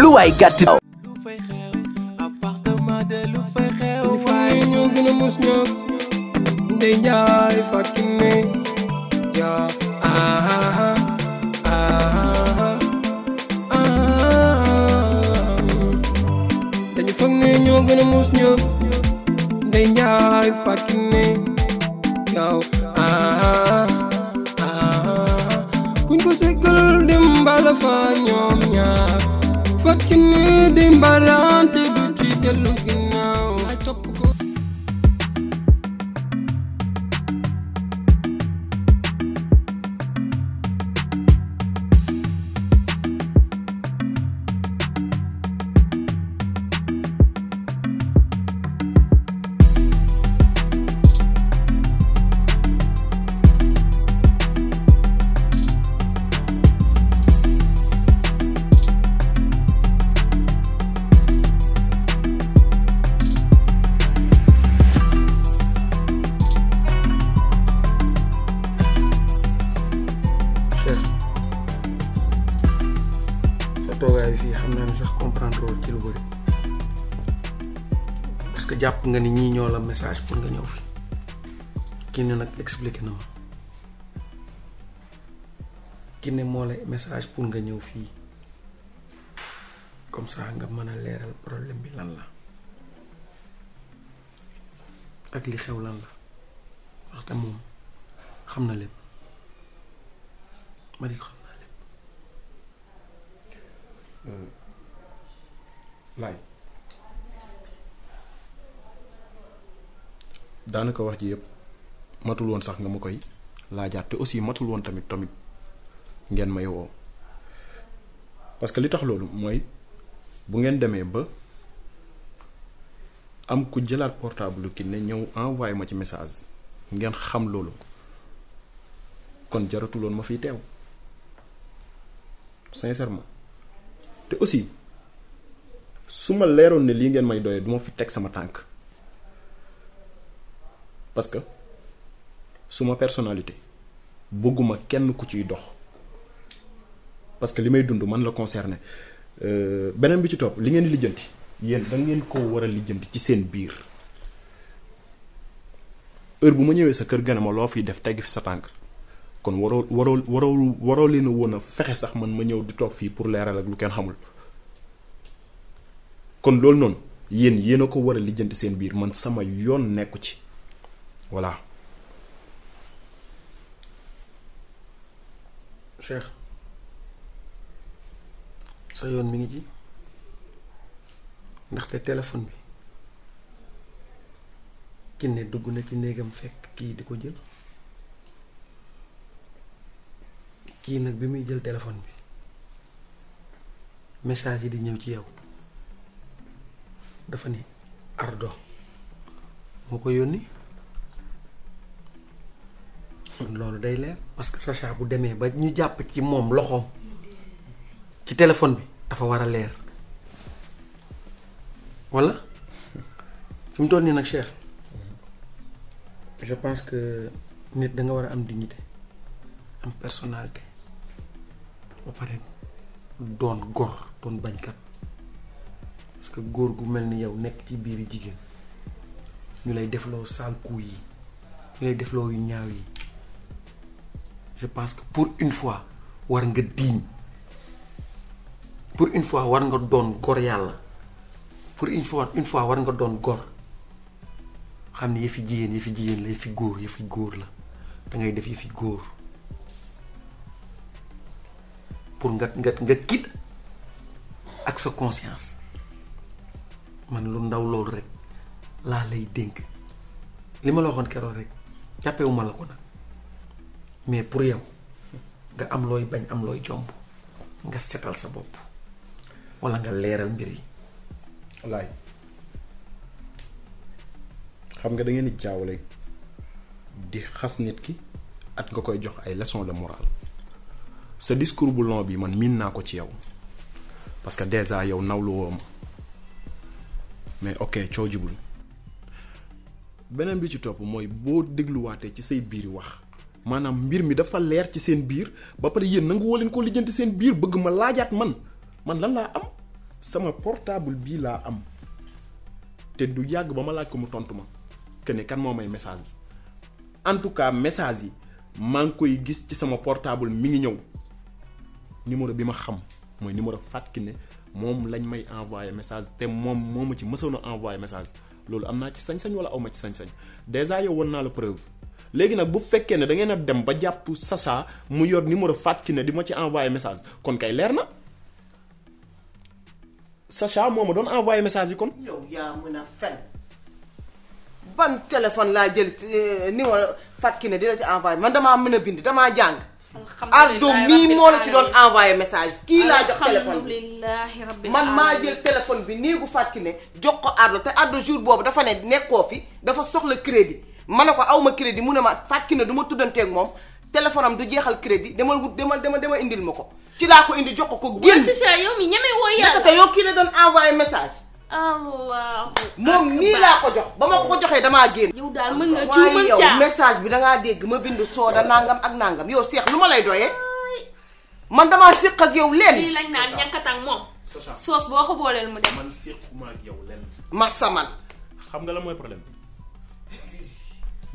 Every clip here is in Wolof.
lu waay gàtt lu fay xew appartement de lu fay xew fay ñoo gën a mus ñoo ndey njaay fakki ne yaa aha aha dañu foog ne ñoo gën a mus ñoo ndey njaay fakki ne fanyo mia fakini dimbarante du jitelugin explique na ma Kiné moo lay message pour nga ñëw fii comme ça nga mën a leeral problème bi lan la ak li xew lan la waxte moom xam na lépp ma dit xam naa lépp euh, laay daanaka wax ci yëpp matul woon sax nga ma koy laajaat te aussi matul woon tamit tamit ngeen may woo parce que li tax loolu mooy bu ngeen demee ba am ku jëlaat portable ki ne ñëw envoyé ma ci message ngeen xam loolu kon jaratuloon ma fiy teew sincèrement te aussi su ma ne lii ngeen may doyee du fi teg sama tank, parce que suma personnalité bëgguma kenn ku ciy dox parce que li may dund man la concerné euh, beneen bi ci topp li ngeen di lijjanti yéen da ngeen ko war a lijjanti ci seen biir heure bu ma ñëwee sa kër gane ma loo fiy def tegg fi sa tànk kon waroo waroo waroo waroo leen a woon a fexe sax man ma ñëw di toog fii pour leeral ak lu kenn xamul kon loolu noonu yéen yéen a ko war a lijjanti seen biir man sama yoon nekku ci voilà sa yoon mi ngi ci ndaxte téléphone bi kinne dugg na ci néegam fekk kii di ko jël kii nag bi muy jël téléphone bi message yi di ñëw ci yow dafa ne ardo moo ko yónni loolu day leer parce que Sacha bu demee ba ñu jàpp ci moom loxoom ci téléphone bi dafa war a leer walla fi mu toll nii nag Cheikh je pense que nit da nga war a am dignité am personnalité ba pare doon gor doon bañkat parce que góor gu mel ni yow nekk ci biir jigéen ñu lay defloo sànku yi ñu lay defloo yu ñaaw yi. je pense que pour une fois war nga diiñ pour une fois war nga doon gor yàlla pour une fois une fois war nga doon gor xamni ne yëfi jigéen yëfi lay fi yëfi góor yëfi la da ngay def yëfi góor pour nga nga nga kit ak sa conscience man lu ndaw loolu rek la lay denk li la waxoon keroog rek jàppewuma la ko mais pour yow nga am looy bañ am looy jomb nga setal sa bopp walla nga leeral mbir yi. wallaay xam nga da ngeen di jaawale di xas nit ki at nga koy jox ay leçons de morale sa discours bu long bi man miin naa ko ci yow parce que déjà yow nawlu woo ma mais ok coo beneen bi ci topp mooy boo dégluwaatee ci say biir wax. maanaam mbir mi dafa leer ci seen biir ba pare yéen nangu woo leen koo lijjanti seen biir bëgg ma laajaat man man lan laa am sama portable bii laa am te du yàgg ba ma laaj ko mu tontu ma que ne kan moo may message en tout cas message yi maa ngi koy gis ci sama portable mi ngi ñëw numéro bi ma xam mooy numéro Fatou ne moom lañ may envoyé message te moom moo ma ci mësoon a envoyé message loolu am naa ci sañ-sañ wala aw ma ci sañ-sañ dèjà yow woon naa la preuve. léegi nag bu fekkee ne da ngeen a dem ba jàpp Sacha mu yor numéro Fatou Kiné di ma ci envoyé message kon kay leer na Sacha moo ma doon envoyé message yi kon. yow yaa mën a fen ban téléphone laa jël euh, numéro Fatou ne di la ci envoyé man damaa mën a bind damaa jàng. ardo mii moo la ci doon envoyé message kii laa jox téléphone bi man maa jël téléphone bi néegu Fatou ne jox ko ardo te ardo jour boobu dafa ne nekkoo fi dafa soxla crédit. ma ko awma crédit munema ne duma fàtki ak mom téléphone am du jéxal crédit demal wut demal demal indil mako ci la ko indi jox ko ko sa yow mi ñame wo yàlla te yow ki la doon envoyé message allahu Mom ni la ko jox ba ma ko joxe dama damaa yow dal mën nga ci mën yow message bi nga dégg ma bind soda nangam ak nangam yow cheikh luma lay doyee man dama sik ak yow len li lañ naan ñakata ak mom boo boko bolel mu dem man séquma ak yow len ma sama xam nga la moy problème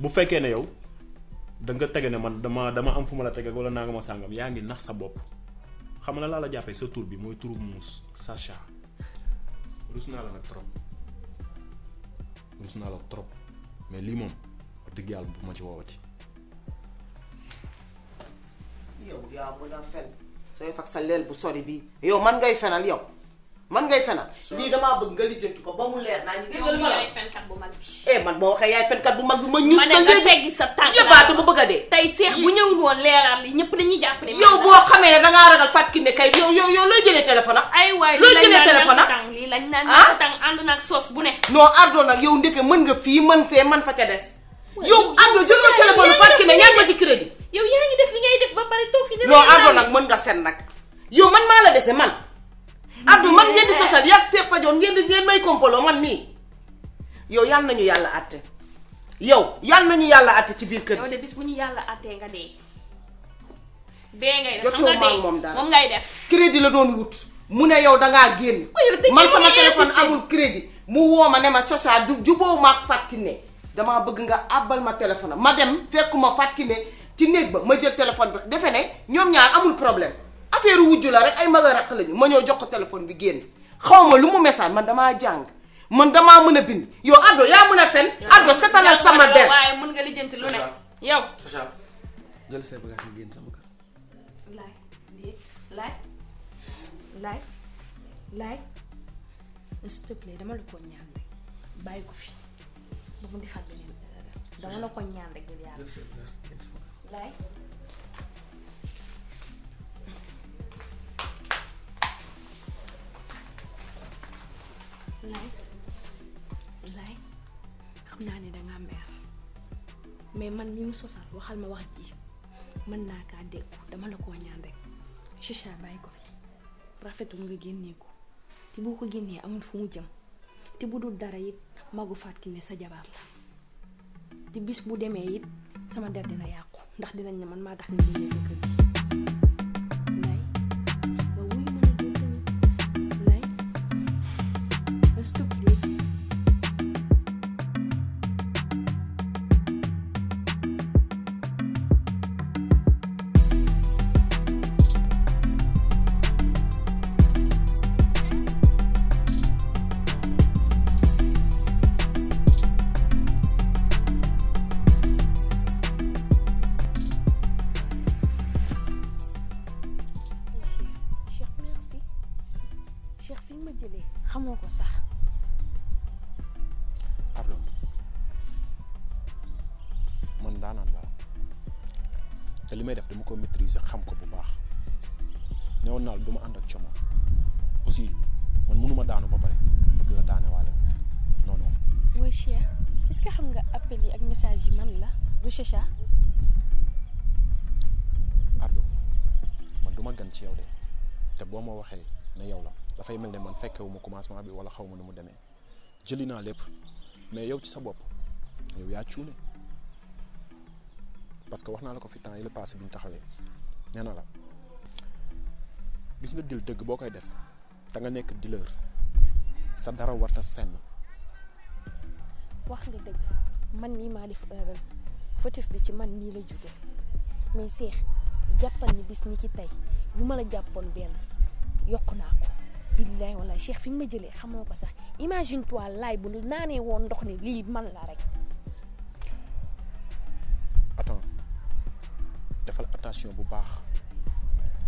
bu fekkee ne yow da nga tege ne man dama dama am fu ma la tege wala naa nga ma sàngam yaa ngi nax sa bopp xam na laa la jàppee sa tur bi mooy turu muus Sacha rus naa la nag trop rus naa la trop mais lii moom wax dëgg yàlla bu ma ci woowati. yow yaa mën a fen sooy fag sa leel bu sori bi. yow man ngay fenal yow man ngay fenal. lii dama bëgg nga lijjanti ko ba mu leer naa ñu. ma la man bo waxe yaay fenkat bu mag bu ma ñuss tan nga teggi sa ya baatu bu bëgg de tay cheikh bu ñewul won leral li ñepp dañuy japp ne yow bo xamee da nga ragal fatki ne kay yow yow yow lo jëlé téléphone ay way lo jëlé téléphone tan li lañ naan tan ah? tàng nak nag sos bu ne no ardo nak yow ndeke mën nga fi mën fe mën fa ca dess yow ardo jël jëloo téléphone fatki ne ñaan ma ci crédit yow yaangi def li ngay def ba bari tofi ne no ardo nak mën nga fen nak yow man maa la dese man Abdou man ngeen di eh, eh, sosal eh. yak Cheikh fajoon ngeen ngeen may kompolo man mi yow yàlla nañu yàlla àtte yow yàlla nañu yàlla àtte ci biir kër gi. ne bis bu ñu yàlla àttee nga dee. dee ngay def xam moom daal moom ngay def. crédit la doon wut mu ne yow dangaa ngaa génn. Oh, man fa sama téléphone amul crédit. mu woo ma ne ma Sosa du jubóo ma ak Fatou damaa bëgg nga àbbal ma téléphone ma dem fekkuma Fatou Kiné ci néeg ba ma jël téléphone bi defe ne ñoom ñaar amul problème affaire wujju la rek ay mag la raq lañu ma ñëw jox ko téléphone bi génn xaw ma lu mu message man damaa jàng. man damaa mën a bind yow Ardo yaa mën a fen. Ardo setalal sama der waaye mën nga lijjanti lu ne yow. jël say bagages dama la ko ñaan rek bàyyi fi dama la ko ñaan rek ngir yàlla naa ne dangaa mer mais man li mu sosal waxal ma wax ji mën naa kaa dégg dama la koo ñaan rek chicha bàyyi ko fi rafetul nga génnee ko te boo ko génnee amul fu mu jëm te bu dul dara it magu fàttali ne sa jabar la te bis bu demee it sama der dina yàqu ndax dinañ ne man maa tax nga génnee kër gi kamu ko sax pardon man daanaan laa te li def dama ko maîtriser xam ko bu baax newoon naa duma ànd ak coono aussi man daanu ba pare bëgg la daane waale non non oui Cheikh est-ce que xam nga appel yi ak message yi Ardo man duma gan ci yow de te dafay mel ne man wu ma commencement bi wala xaw ma nu mu demee jëli naa lépp mais yow ci sa bopp yow yaa cuune parce que wax naa la ko fi temps yi la passé bi ñu taxawee nee na la gis nga dil dëgg boo koy def da nga nekk dealer sa dara warta senn wax nga dëgg man mii maa def erreur fautif bi ci man nii la jóge mais seex jàppal ni bis ni ci tey bu ma la jàppoon benn yokk naa ko billahi wallahi Cheikh fi nga ma jëlee xamoo ko sax imagine toi laay bu naanee woon ndox ni lii man la rek. attends defal attention bu baax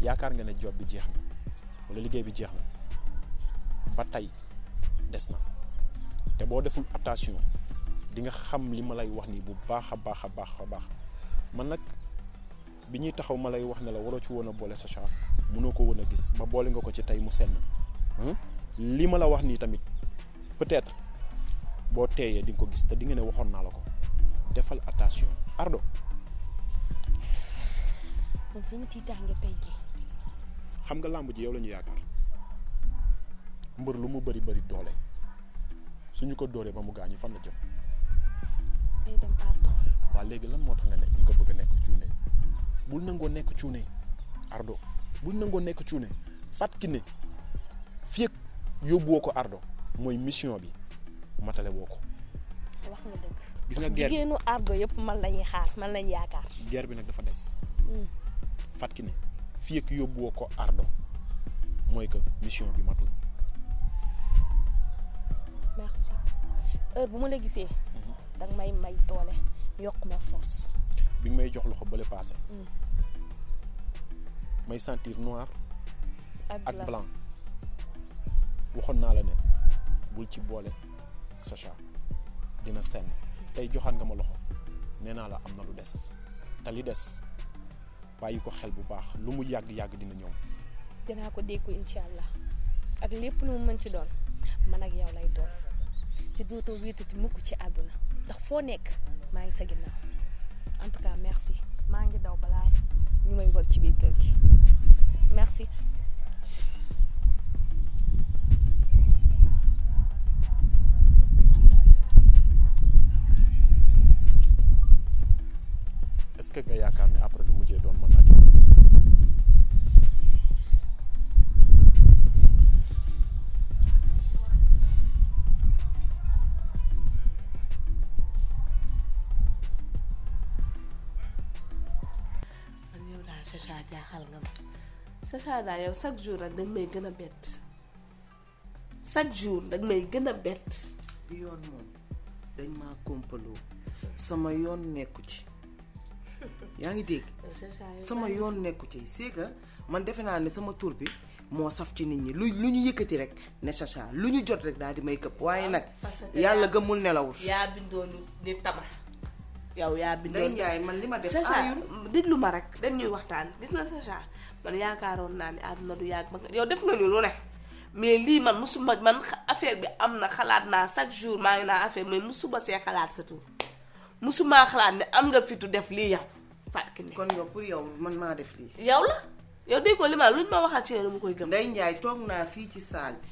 yaakaar nga ne job bi jeex na liggéey bi jeex na ba tey des na te boo deful attention di nga xam li ma lay wax nii bu baax a baax a baax a baax man nag. bi ñuy taxaw ma lay wax ne la waroo ci woon a boole sa char mënoo ko woon a gis ba boole nga ko ci tey mu na Hmm? lima ma la wax tamit peut-être boo teeyee di ko gis te di nga ne defal attention Ardo. man sama tiitaange tay gi xam nga lamb ji yow lañu yaakar mbeur lu mu bari bari doole suñu ko dóoree ba mu gañu fan la jëm. day dem Ardo. wa léegi lan moo tax nga nga bëgg nek bu nango nek Ardo fii yóbbuwoo ko ardo mooy mission bi matale woo ko. wax nga dëgg. jigéenu ardo yëpp man lañuy xaar man lañuy yaakaar. guerre bi nag dafa des. Mm. ki ne fii ak yóbbuwoo ko ardo mooy que mission bi mag merci heure bu ma la gisee. Mm-hmm. danga may may doole yokk ma force. bi may jox loxo bële paase. Mm. may sentir noir. ak blanc. waxoon naa la ne bul ci boole Socha dina senn tey joxaat nga ma loxo nee naa la am na lu des te li des bàyyi ko xel bu baax lu mu yàgg yàgg dina ñëw. dinaa ko déggu incha allah ak lépp lu mu mën ci doon man ak yow lay doon ci dootoo wéetati mukk ci àdduna ndax foo nekk maa ngi sa ginnaaw en tout cas merci maa ngi daw balaa ñu may wër ci biir kër gi merci. Kaadaa yow chaque jour nag danga may gën a bett chaque jour danga may gën a bett. bi yoon moom dañ maa kompaloo sama yoon nekku ci yaa ngi dégg. sama yoon nekku ci c'est man defe naa ne sama tur bi. moo saf ci nit ñi lu ñu yëkkati rek ne chacha lu ñu jot rek daal di may këpp waaye nag. yàlla gëmul nelawul. yaa bindoo ñu di tabax. yaa bindoo ñu. man ma rek dañ ñuy waxtaan gis na chacha man yaakaaroon naa ni àdduna du yàgg ba yow def nga ñu lu ne mais lii man ma man affaire bi am na xalaat naa chaque jour maa ngi naa affaire mais musuma see xalaat sa tur musuma xalaat ne am nga fitu def lii yow Fatou Kiné kon yow pour man maa def lii yow la yow déggoo li ma luñ ma waxaat mu koy gëm Ndeye Ndiaye toog naa fii ci salle bi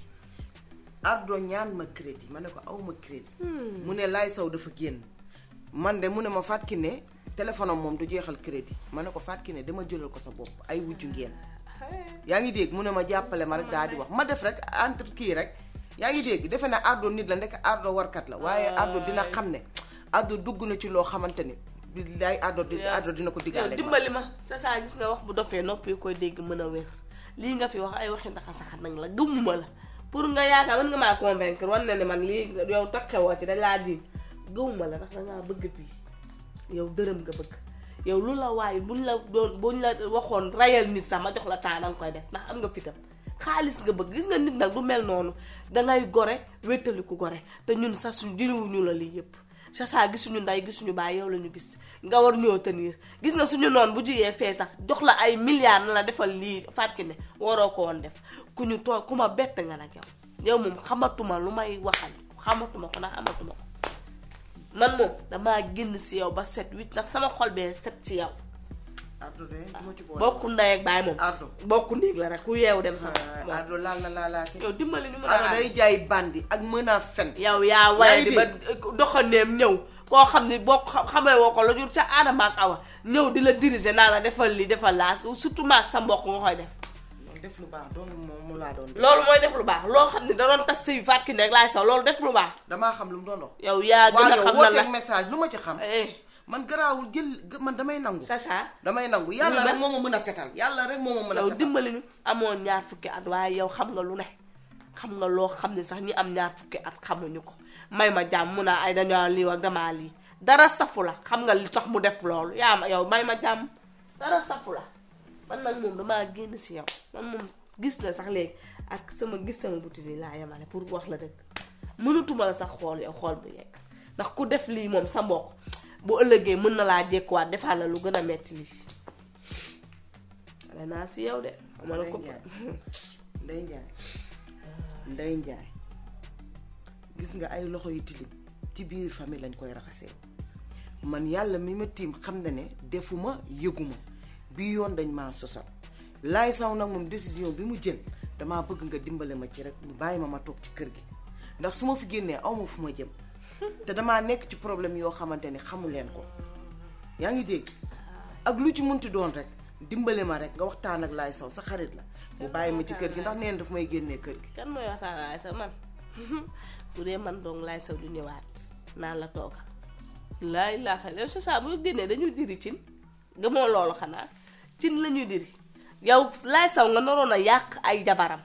Ardo ñaan ma crédit ma ne ko aw ma crédit hmm. mu ne Laye saw dafa génn man de mu ne ma Fatou Kiné téléphone moom du jeexal crédit ma ne ko faat ki ne dama jëlal ko sa bopp ay wujju ngeen yaa ngi dégg mu ne ma jàppale ma rek daal di wax ma def rek entre kii rek yaa ngi dégg defe na ardo nit la ndekk ardo warkat la waaye ardo dina xam ne ardo dugg na ci loo xamante ni billaay ardo di ardo dina ko diggaale dimbali ma sa saa gis nga wax bu dofee noppi koy dégg mën a wér lii nga fi wax ay waxi ndax saxat nag la gëmuma la pour nga yaakaar man nga maa convaincre wan na ne man lii yow tokkewoo ci dañ laa diin gëmuma la ndax dangaa bëgg bii yow dërëm nga bëgg yow lu la waaye buñ la doon ñu la waxoon reyal nit sax ma jox la temps koy def ndax am nga fitam xaalis nga bëgg gis nga nit nag du mel noonu dangay gore wettali ku gore te ñun sax suñ jëliwuñu la lii yëpp saa gisuñu nday gisuñu baay yow la ñu gis nga war ñoo tenir gis nga suñu noonu bu jugee fee sax jox la ay milliards na la defal lii fàtki ne waroo ko woon def ku ñu toog ku ma bett nga nag yow yow moom xamatuma lu may waxal xamatuma ko ndax man moom damaa génn si yow ba set wit ndax sama xol bee set ci yow. ardo de bokku ndey ak baay moom. ardo néeg la rek ku yeewu dem sama. Ah, yow dimbali ni mu la ardo day jaay bandi ak mën a fen. yow yaa waaye di ba doxandeem ñëw. koo xam ni boo xamee woo ko la jur ca aadama ak awa ñëw di la diriger naa la defal li defal laa surtout maak sa mbokk nga koy def. di def lu baax doon moom laa doon. loolu mooy def lu baax loo xam da doon tas sëy faat ki nekk laay sow loolu def lu baax. damaa xam lu mu doon yow yaa gën a xam na la message lu ma ci xam. Eh. man garaawul jël man damay nangu. Sacha damay nangu yàlla rek moo ma mën a setal. yàlla rek moo ma mën a setal yow dimbali ñu amoo ñaar fukki at waaye yow xam nga lu ne xam nga loo xam ne sax ñi am ñaar fukki at xamuñu ko may ma jàmm mun a ay dañoo lii ak damaa lii dara safu xam nga li tax mu def loolu yaa yow may ma jàmm dara safu man nag moom damaa génn si yow man moom gis la sax léegi ak sama gis sama butit yi laa yemale pour wax la dëkk mënatuma la sax xool yow xool bu yekk ndax ku def lii moom sa mbokk bu ëllëgee mën na laa jékkuwaat defaat la lu gën a metti lii xale naa si yow de ma la ko Ndeye Ndiaye Ndeye gis nga ay loxo yu tilim ci biir famille lañ koy raxasee man yàlla mi ma tiim xam na ne defuma yëguma bii yoon dañ maa sosal laay saw nag moom décision bi mu jël damaa bëgg nga dimbale ma ci rek mu bàyyi ma ma toog ci kër gi ndax su ma fi génnee aw ma fu ma jëm te damaa nekk ci problème yoo xamante ni xamu leen ko yaa ngi dégg ak lu ci munti doon rek dimbali ma rek nga waxtaan ak laay saw sa xarit la mu bàyyi ma ci kër gi ndax neen daf may génnee kër gi kan mooy waxtaan laay saw man bu dee man dong laay saw du ñëwaat naan la tooga laay laa xel yow sa saa loolu xanaa cin la ñuy diri yow laay saw nga naroon a yàq ay jabaram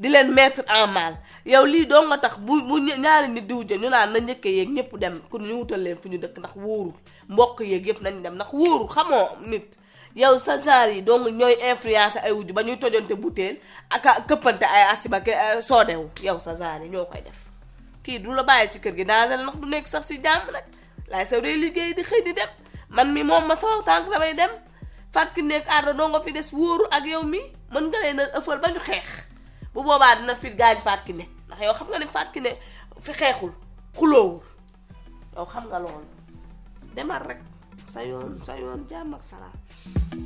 di leen mettre en mal yow lii doo nga tax bu bu ñaari nit di wujje ñu naan na njëkk yeeg ñëpp dem ku ñu wutal leen fu ñu dëkk ndax wóoru mbokk yeeg yëpp nañ dem ndax wóorul xamoo nit yow sa genre yi donc ñooy influence ay wujj ba ñuy tojante butéel ak këppante ay asiba eh, soodewu yow sa genre yi ñoo koy def kii du la bàyyi ci kër gi danger la ndax du nekk sax si jàmm nag laay saw day liggéey di xëy di dem man mi moom ma saw tànk damay dem Fatou Kiné ak Ardo doo nga fi des wóoru ak yow mi mën nga leen a ëffal ba ñu xeex bu boobaa dina fit gaañ ki Kiné ndax yow xam nga ne Fatou Kiné fi xeexul xuloowul yow xam nga loolu demal rek sa yoon sa yoon jàmm ak salaam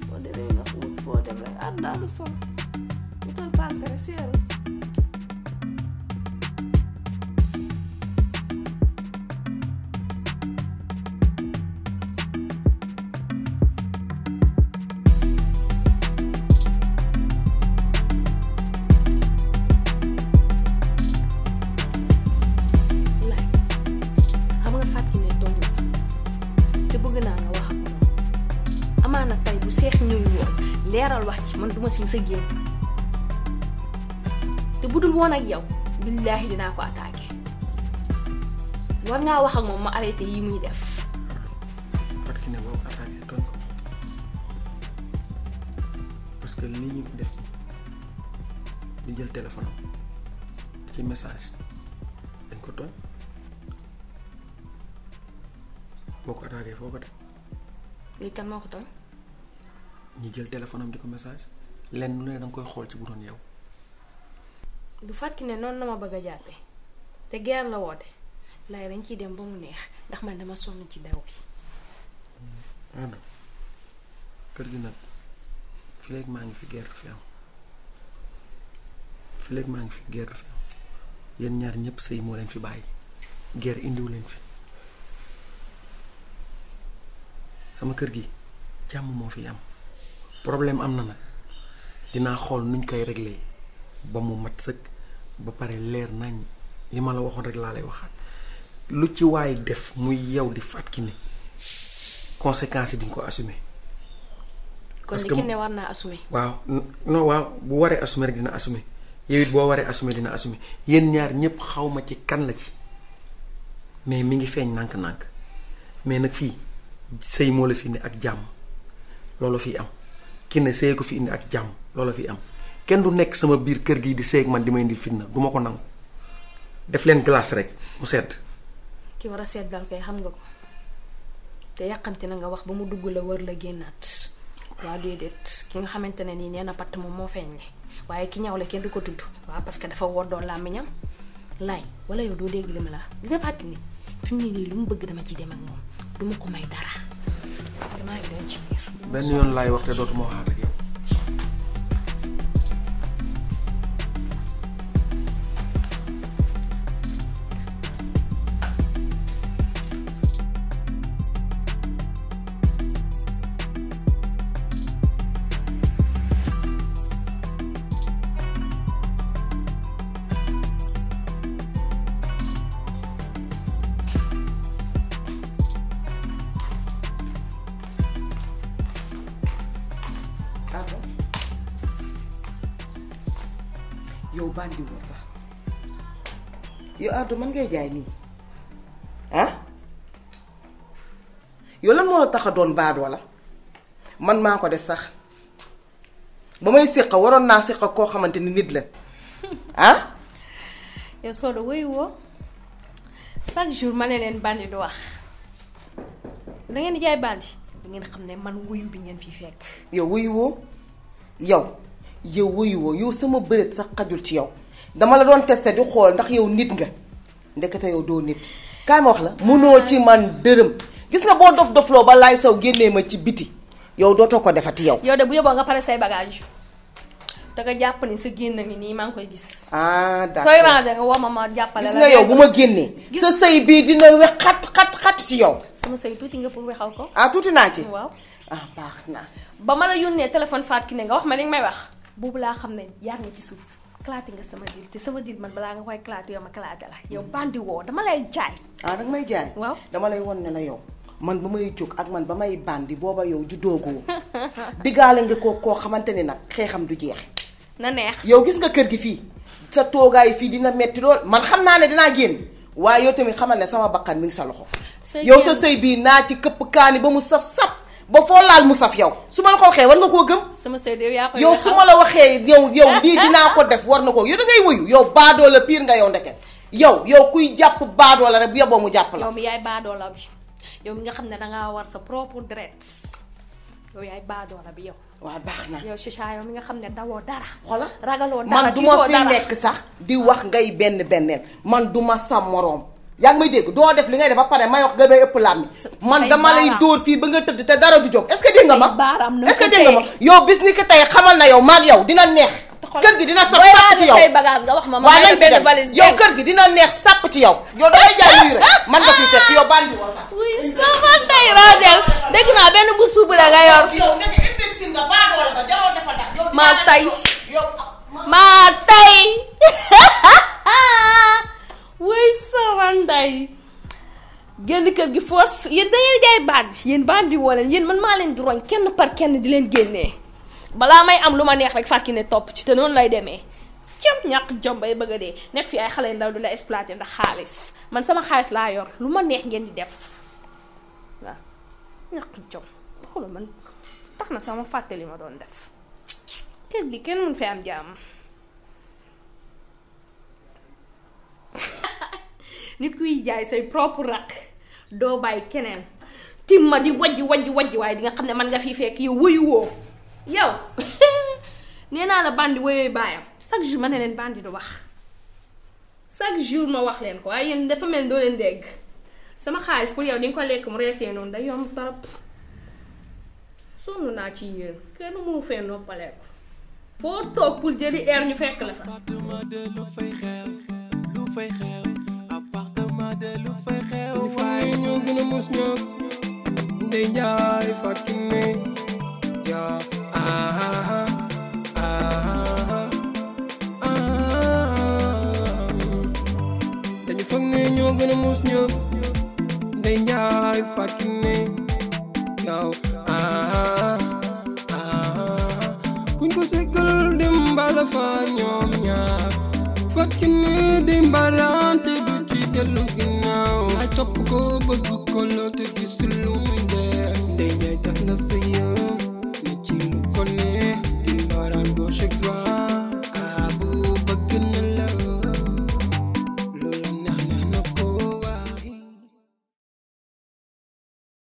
boo demee nga wut foo dem rek àdduna am solo utal pancré seeru wax ci man duma si sa génn te bu dul woon ak yow billaahi dinaa ko attaqué war ngaa wax ak moom ma arrêté yi muy def parce que li ñu def di jël téléphone ci message dañ ko tooñ boo ko attaqué foo ko def léegi kan moo ko tooñ ñu jël téléphone di ko message lenn lu ne danga koy xool ci bu doon yow. du fàttali ne noonu la ma bëgg a jàppee te guerre la woote laay dañ ciy dem ba mu neex ndax man dama sonn ci daw bi. Hmm. kër gi nag fi maa ngi fi guerre fi am fi maa ngi fi guerre am yéen ñaar ñëpp sëy moo leen fi bàyyi guerre indiwu leen fi sama kër gi jàmm moo fi am. problème am na na dinaa xool nuñ koy régler ba mu mat sëkk ba pare leer nañ li ma la waxoon rek laa lay waxaat lu ci waay def muy yow di Fatou Kiné conséquences yi di ko assumer. parce que kon Kiné war naa assumer. waaw bu waree assumer rek dina assumer yow boo waree assumer dina yéen ñaar ñëpp xaw ma ci kan la ci mais mi ngi feeñ nànk-nànk mais nag fii sëy moo la fi ne ak jàmm loolu fii am. ki ne sey ko fi indi ak jam lolo fi am ken du nek sama bir keur gi di ak man di may indil fitna duma ko nang def len glace rek mu sedd ki wara a dal kay xam nga ko te yakamti na nga wax bamu dugg la wër la gennat wa dedet ki nga xamantene ni neena pat mom mo moom waye ki ñaw la kenn du ko tuddu wa parce que dafa la miñam lay wala yow do dégg limala gis nga ni lu mu bëgg dama ci dem ak mom duma ko may dara benn yoon laay wax te dootuma waxaat ak mandi wu sax ah. yo Ardo man ngay jaay ni han yo lan mo la taxa don baad wala man mako def sax bamay sekk waron na sekk ko xamanteni nit la han yo so do way wo chaque jour ma ne bandi do wax da ngeen jaay bandi ngeen xam man wuyu bi ngeen fi fekk. yo wuyu wo yow. yow wuyu woo yow sama bëreet sax xajul ci yow dama la doon testé di xool ndax yow nit nga ndekete yow doo nit kaay ma wax la mënoo ci man dërëm gis nga boo dof dofloo ba laay saw génnee ma ci biti yow dootoo ko ti yow. yow de bu yóbboo nga pare say bagage te nga jàpp ni sa génn ngi nii maa ngi koy gis. ah d'accord sooy rangé nga woo ma ma jàppale la. gis nga yow bu ma génnee. sa sëy bii dina wex xat xat xat ci yow. sama sëy tuuti nga pour weexal ko. ah tuuti naa ci. waaw ah baax na. ba ma la yónnee téléphone Fatou Kiné nga wax ma li may wax. boobu laa xam ne yar nga ci suuf claté nga sama diir te sama diir man balaa nga koy claté yow ma claté la yow mm. bandi woo dama lay jaay. ah danga may jaay. waaw dama lay won ne la yow. man ba may jóg ak man ba may bandi booba yow juddoogoo diggaale nga ko koo xamante ne nag xeexam du jeex. na neex yow gis nga kër gi fii. sa toogaay fii dina metti lool man xam naa ne dinaa génn waaye yow tamit xamal ne sama bakkan mi ngi sa loxo. yow sa sëy bii naa ci këpp kaani ba mu saf saf. ba foo laal mu saf yow su ma la ko waxee war nga koo gëm. sama sëy yow yaa ko su ma la waxee yow yow lii dinaa ko def war na ko yow da ngay wuyu yow baadoo la pire nga yow ndeket yow yow kuy jàpp baadoola la rek bu yeboo mu jàpp la. yow mi yaay baadoo la yow nga xam ne da war sa propre dret yow baadoo la bi yow. waaw na yow Chicha yow mi nga xam ne dawoo dara. xoolal ragaloo dara man duma ma fi nekk sax di wax ngay benn benneen man du ma sa moroom. yaa ngi may dégg doo def li ngay def ba pare may wax nga doy ëpp laam man dama lay dóor fii ba nga tëdd te dara du jóg est-ce que dégg ma est dégg ma yow bis ni ko tey xamal na yow maag yow dina neex kër gi dina sàpp sàpp ci yow waa lañ ci dem yow dina neex sàpp ci yow man nga fi fekk yow bànn woo sax sama tey Rogel naa benn mbuus bu la nga yor yow nga investir nga baadoo la way sawanday génn kër gi force yéen da ngeen jaay bandi yéen bandi woo leen yéen man maa leen di roñ kenn par kenn di leen génnee balaa may am lu ma neex rek fàkki ne topp ci te noonu lay demee jëm ñàkk jom bay bëgg a nekk fi ay xale yu ndaw du la exploité ndax xaalis man sama xaalis laa yor lu ma neex ngeen di def waaw ñàkk jom xoolal man tax na sama fàttali ma doon def kër gi kenn mun fi am jàmm nit kuy jaay say propre rak doo bàyyi keneen ma di wajj wajj wajj waaye di nga xam ne man nga fi fekk yow wuyu woo yow nee naa la bandi woyooy baayam chaque jour ma ne leen bandi du wax chaque jour ma wax leen ko waaye yéen dafa mel doo leen dégg sama xaalis pour yow di nga ko lekk mu reesee noonu da yomb trop sonn naa ci yéen kenn mënu fee noppaleeku foo toog jëli air ñu fekk la fa. de lu fay xew waay ñoo gën a mus ñoo ndey njaay fakki ne yaa aha aha ah, ah, ah. dañu foog ne ñoo gën a mus ñoo ndey njaay fakki ne yaa aha kuñ ko sekkal dem mbala fa ñoom ñaar fakki ne dem balante looking now I but ko bëgg ko loo te gisuloo